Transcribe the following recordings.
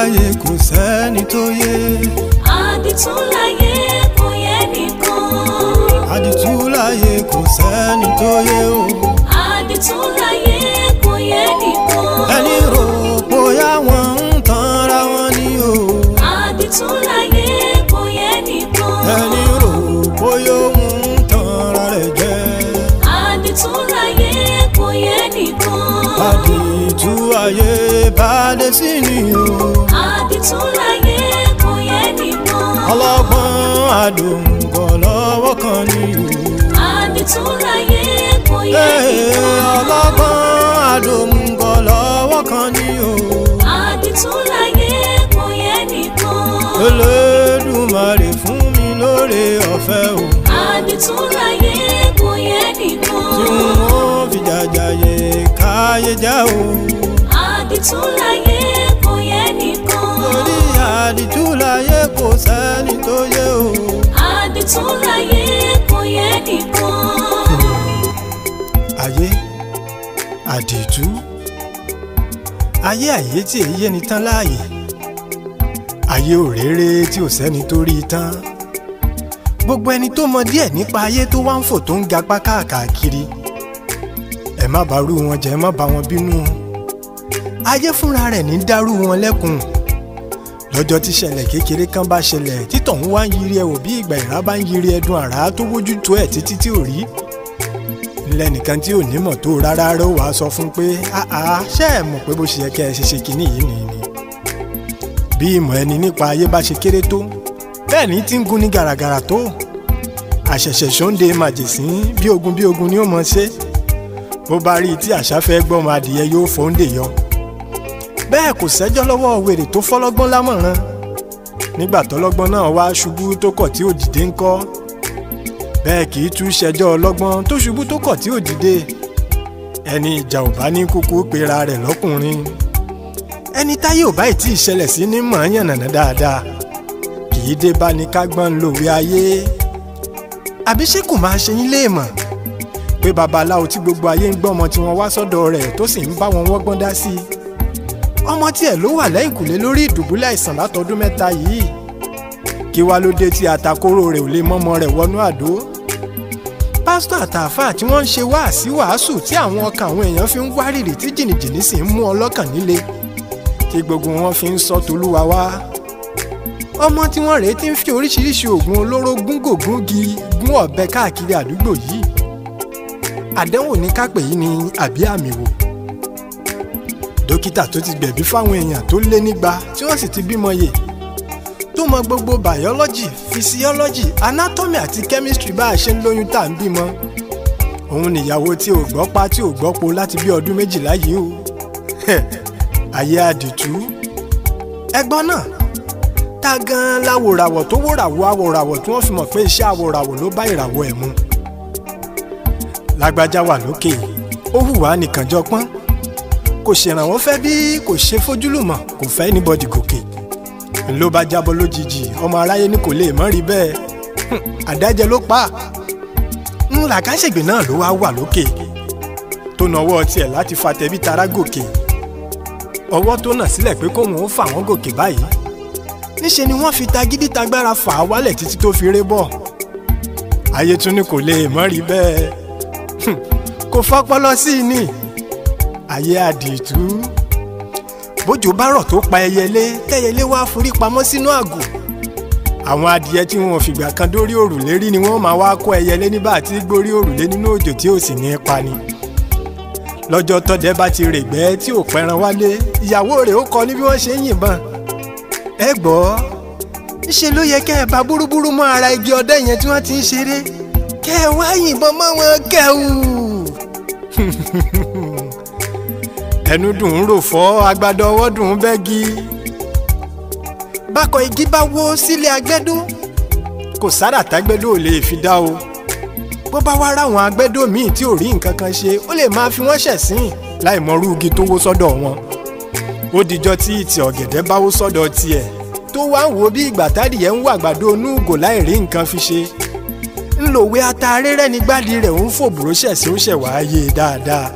láyé kò sẹ́ni tó yé. àdìtú láyé kò yẹ nìkan. àdìtú láyé kò sẹ́ni tó yé o. àdìtú tún láyé kò yẹ nìkan. ọlọ́gbọ́n àdùnkọ̀ lọ́wọ́ kan ní ìlú. àbí tún láyé kò yẹ nìkan. ọlọ́gbọ́n àdùnkọ̀ lọ́wọ́ kan ní ìlú. àbí tún láyé kò yẹ nìkan. olódùmarè fún mi lóore ọ̀fẹ́ o. àbí tún láyé kò yẹ nìkan. tí wọ́n fi jàjàyè káyé já o. àbí tún láyé kò yẹ nìkan àdìtú láyé kò sẹ́ni tó yé o. àdìtú láyé kò yẹ nìkan. ayé àdìtú ayé àyè tí èyí yéni tán láàyè ayé òréré tí ò sẹ́ni tó rí i tán gbogbo ẹni tó mọ díẹ̀ nípa ayé tó wá ń fò tó ń gapá káàkiri ẹ má bá rú wọn jẹ ẹ má bá wọn bínú ayé fúnra rẹ̀ ní dárú wọn lẹ́kùn lọ́jọ́ tí ṣẹlẹ̀ kékeré kan bá ṣẹlẹ̀ títọ̀ ń wá ń yiri ẹ̀wò bí ìgbà ìrá bá ń yiri ẹdun àrá tó wójú tó ẹ̀ títí tí ò rí lẹ́nìkan tí ò nímọ̀ tó rárá rẹ̀ wá sọ fún pé àá ṣe é mọ̀ pé bó ṣe yẹ kẹ́ ẹ ṣe ṣe kínní yìí nìyí ni bí ìmọ̀ ẹni nípa ayé bá ṣe kéré tó bẹ́ẹ̀ ni tí ń gún ní gàràgàrà tó àṣẹ̀ṣẹ̀ ṣóńde màjèṣín bí ogun bí ogun ni ó mọ̀ ṣe bó bá rí i tí àṣà fẹ́ gbọ́mọ adìyẹ yóò fóńdè yọ bẹ́ẹ̀ kò sẹ́jọ́ lọ́wọ́ wèrè tó fọ́lọ́gbọ́n lámọ̀ràn nígbà tọ́lọ́gbọ́n náà wá ṣubú tó kọ̀ tí ò dìde ńkọ́ bẹ́ẹ̀ kì í tú ṣẹjọ́ ọlọ́gbọ́n tó ṣubú tó kọ̀ tí ò dìde ẹni ìjà ò bá ní kúkú pera rẹ̀ lọ́kùnrin ẹni táyé ò báyìí tí ìṣẹ̀lẹ̀ sí ní mọ̀ ọ́n yànnàná dáadáa kì í dé bá ní kágbọ́n ń lòwe ayé àbí ṣé kò máa ṣe yín léèmọ̀ pé babaláwo tí gbogbo ayé ń gbọ́mọ tí wọ́n wá sọ́dọ̀ rẹ̀ tó sì ń bá wọn wọ́gbọ́n dá sí i ọmọ tiẹ̀ ló wà lẹ́yìnkùlé lórí ìdùbúlẹ̀ àìsàn látọdún mẹ́ta yìí kí wá ló dé tí àtakóró rẹ̀ ò lè mọ́mọ́ rẹ̀ wọnú àdó pásítọ̀ àtàfà tí wọ́n ń ṣe wáàsí wàásù tí àwọn ọkàn àwọn èèyàn fi ń wárìrì tí jìnnìjìnnì sì ń mú ọlọ́kàn nílé tí gbogbo wọn fi ń sọ tolúwa wá ọmọ tí wọ́n rèé ti ń fi oríṣiríṣi oògùn olóró gúngògúngi gún ọ̀bẹ káàkiri àdúgbò yìí àdánwò ní kápẹ́ yìí ni àbí àmì wò dókítà tó ti gbẹ̀bí fáwọn èèyàn tó lé nígba tí wọ́n sì ti bímọ yè tó mọ gbogbo biology physiology anatomy àti chemistry bá a ṣe ń lóyún tá à ń bímọ òun nìyàwó tí ò gbọ́ pa tí ò gbọ́ po láti bí ọdún méjìlá yìí o ayé àdìtú ẹgbọ́n náà ta gan-an láwòràwọ̀ tó wòràwọ̀ àwòràwọ̀ tí wọ́n fi mọ̀ pé iṣẹ́ àwòràwọ̀ ló bá ìràwọ̀ ẹ̀ mu lágbájá wà lókè ó hùwà nìkànjọpọ́n kò ṣèrànwọ́ fẹ́ bí kò ṣe fojúlùmọ̀ kò fẹ́ anybody gòkè ló bá jábọ́ lójijì ọmọ aráyé ní kò lè mọ́ rí bẹ́ẹ̀ àdájẹ ló pa ńlá káṣègbè náà ló wá wà lókè tó nawọ́ tiẹ̀ láti fa tẹ̀bí tará gòkè ọwọ́ tó nà sílẹ̀ pé kóun ó fà wọ́n gòkè báyìí níṣe ni wọ́n fi gidi tagbára fà á wálẹ̀ títí tó fi ré bọ̀ ayé tún ní kò lè mọ́ rí bẹ́ẹ̀ kò fọ́pọ́ sí i ni ayé àdìtú bójò bá rọ̀ tó pa ẹyẹlé tẹ́yẹlé wá forí pamọ́ sínú àgò àwọn adìyẹ tí wọn fìgbà kan dórí òrùlé rí ni wọn máa wá kó ẹyẹlé nígbà tí gbórí òrùlé nínú òjò tí ò sì ní í pani lọ́jọ́ tọ́dẹ bá ti règbẹ́ tí ò pẹran wálé ìyàwó rẹ̀ ó kọ ní bí wọ́n ṣe ń yìnbọn ẹ gbọ́ ńṣe ló yẹ kẹ́ ẹ bá búrúbúrú mọ́ ara igi ọdẹ yẹn tí wọ́n ti ń ṣeré kẹ́ ẹ wá yìnbọn mọ́ wọn kẹ́ ẹ wù ẹnu dùn ún rò fọ́ agbádọ ọwọ́ dùn ún bẹ́gi. bákọ̀ igi bá wó sílé agbẹ́dó kò sára tágbẹ́dó ò lè fi dá o bó bá wá ráwọn agbẹ́dó míì tí ò rí nǹkan kan ṣe ó lè máa fi wọ́n ṣẹ̀sín láì mọ rúgi tó wó sọ́dọ̀ wọn ó dijọ́ tí ìtì ọ̀gẹ̀dẹ̀ bá wó sọ́dọ̀ tiẹ̀ tó wá ń wo bí ìgbà tádìyẹ ń wà àgbàdo onúgò láì rí nǹkan fi ṣe ńlòwe ata rẹ́rẹ́ nígbàdí rẹ̀ ń fò bùrọ́ṣẹ̀ sí ó ṣẹ̀ wáá yé e dáadáa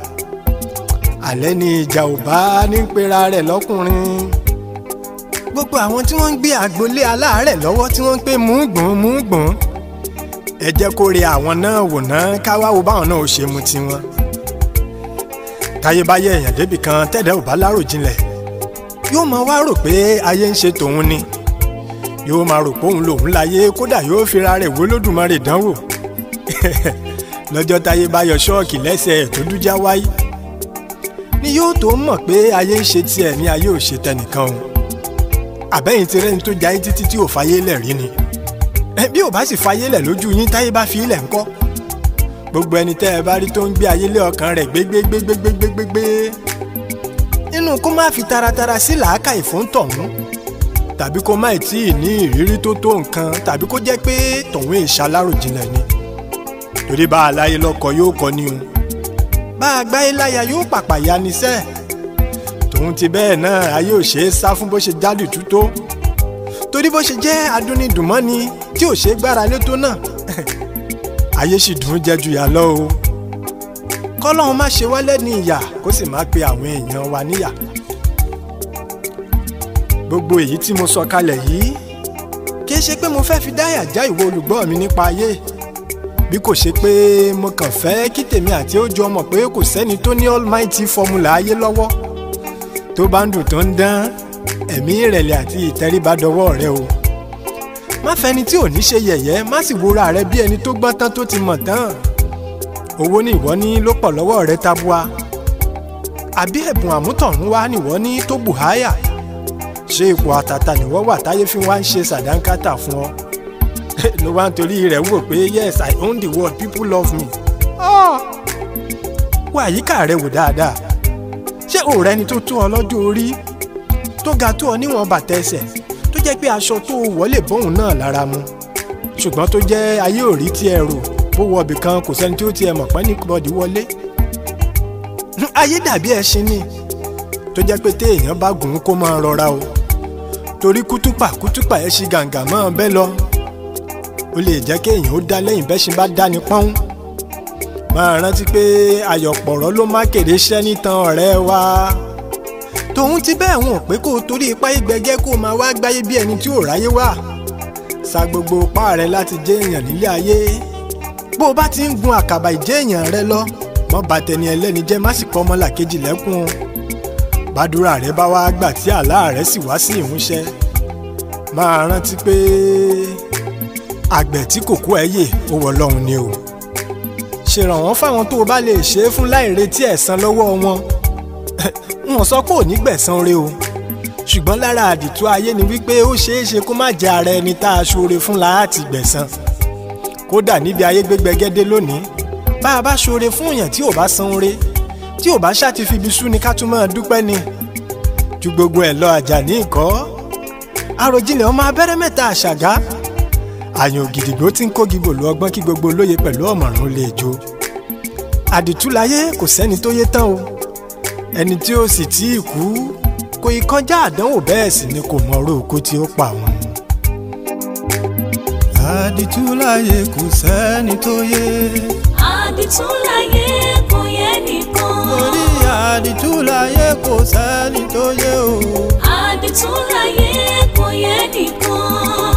alẹ́ ni ìjà ò bá ní pera rẹ̀ lọ́kùnrin. gbogbo àwọn tí wọ́n ń gbé àgbolé aláàárẹ̀ lọ́wọ́ tí wọ́n ń pè múùgbọ̀n múùgbọ̀n ẹ jẹ́ kó re àwọn náà wò náà káwá wo báwọn náà ò ṣe mu tiwọn. táyébáyé èèyàn débì kan tẹ́lẹ̀ ò bá lárò jinlẹ̀ yóò máa wá rò pé ayé ń ṣe tòun ni yóò máa rò pé òun lòun láyé kódà yóò fira rẹ̀ wó lódùmarè dánwò lọ́jọ́ táyé ṣọ́ọ̀kì lẹ́sẹ̀ ẹ̀ ni yóò tó mọ̀ pé ayé ń ṣe tiẹ̀ ní ayé ò ṣe tẹnìkan o àbẹ́yìn ti rẹ́ni tó ja yín títí tí ò fayé lẹ̀ rí ni bí ò bá sì fayé lẹ̀ lójú yín táyé bá fi ilẹ̀ ńkọ́ gbogbo ẹni tẹ́ ẹ bá rí tó ń gbé ayé lé ọkàn rẹ̀ gbégbégbégbégbégbé inú kó má fi taratara sí làákàyè fún tọ̀hún tàbí kó má tí ì ní ìrírí tó tó nǹkan tàbí kó jẹ́ pé tọ̀hún ìṣaláròjinlẹ̀ ni torí bá a lọ́kọ yóò kọ́ ni o bá a gbá iláyà yóò pàpà ya níṣẹ́ tòun ti bẹ́ẹ̀ náà ayé ò ṣeé sá fún bó ṣe jálù tú tó torí bó ṣe jẹ́ adúnidùnmọ́ni tí ò ṣeé gbára lé tó náà ayé sì dùn jẹ́ ju yà lọ o kọ́lọ́hún má ṣe wálẹ̀ ní ìyà kó sì má pe àwọn èèyàn wa níyà gbogbo èyí tí mo sọ kalẹ̀ yìí kì í ṣe pé mo fẹ́ fi dáyà já ìwọ olùgbọ́ mi nípa ayé bí kò ṣe pé mo kàn fẹ́ kí tèmi àti ó jọ pé kò sẹ́ni tó ní almighty formula ayé lọ́wọ́ tó bá ń dùn tó ń dán ẹ̀mí ìrẹ̀lẹ̀ àti ìtẹríba dọwọ́ rẹ o má fẹni tí ò ní ṣe yẹ̀yẹ́ má sì wúra rẹ bí ẹni tó gbọ́n tán tó ti mọ̀ tán owó ni ìwọ ní ló pọ̀ lọ́wọ́ rẹ tabua àbí ẹ̀bùn àmútọ̀runwá nìwọ ní tó bùháyà ṣé ipò àtàtà nìwọ wà táyé fi wá ń ṣe sàdánkátà fún ọ ló wá ń torí rẹ̀ wò pé yes i own the world people love me. Ah! wo àyíká rẹ wò dáadáa ṣé òòrẹ́ ẹni tó tó ọ lọ́jọ́ orí tó ga tó ọ níwọ̀n bàtà ẹsẹ̀ tó jẹ́ pé aṣọ tó wọlé bóun náà lára mu ṣùgbọ́n tó jẹ́ ayé òrí tí ẹ rò bó wọ ibì kan kò sẹ́ni tí ó tiẹ̀ mọ̀ pé níbọ̀dì wọlé. Hmm, ayé dàbí ẹṣin ni tó jẹ́ pé téèyàn bá gùn ún kó máa rọra o torí kútùpà kútùpà ẹ̀ ṣì gàǹgà máa bẹ́ lọ ó lè jẹ́ kéèyàn ó dá lẹ́yìn bẹ́ṣin bá dá ní pọ́n máa rántí pé ayọ̀pọ̀rọ̀ ló má kéde ṣẹ́ nítan ọ̀rẹ́ wa tòun ti bẹ́ẹ̀ wọn pé kó o torí ipá ìgbẹ́jẹ́ kó o máa wá gbáyé bí ẹni tí ò ráyé wà sa gbogbo ipá rẹ láti jẹ́ èèyàn nílé ayé bó o bá ti ń gun àkàbà ìjẹ́ èèyàn rẹ lọ mọ́ bàtẹni ẹlẹ́ni jẹ́ má sì kọ́ ọmọlàkejì máa rántí pé àgbẹ̀ tí kò kú ẹyẹ ó wọ ọlọ́run ni o ṣèrànwọ́ fáwọn tó o bá lè ṣe é fún láì retí ẹ̀san lọ́wọ́ wọn wọn sọ pé ò ní re o ṣùgbọ́n lára àdìtú ayé ni wípé ó ṣeé ṣe kó má jẹ́ ara ẹni tá a ṣoore fún láti gbẹ̀san kódà níbi ayé gbégbẹ́gẹ́dé lónìí bá a bá ṣoore fún èèyàn tí ò bá san oore tí ò bá ṣàtìfibi sú ni ká tún máa dúpẹ́ ni ju gbogbo ẹ̀ lọ àjà ní ìkọ́ àròjinlẹ̀ ọmọ abẹ́rẹ́ mẹ́ta àṣàgá àyàn ògìdìgbò tí ń kógi bòlú ọgbọ́n kí gbogbo olóye pẹ̀lú ọ̀mọ̀ràn lè jó àdìtú láyé kò sẹ́ni tó yé tán o ẹni tí ó sì tí ì kú kò ì kọjá àdánwò bẹ́ẹ̀ sì ni kò mọ oróòkú tí ó pa wọn. àdìtú kò sẹ́ni tó yé. àdìtú kò yé nìkan. lórí àdìtú kò sẹ́ni tó yé o. àdìtú kò yé nìkan.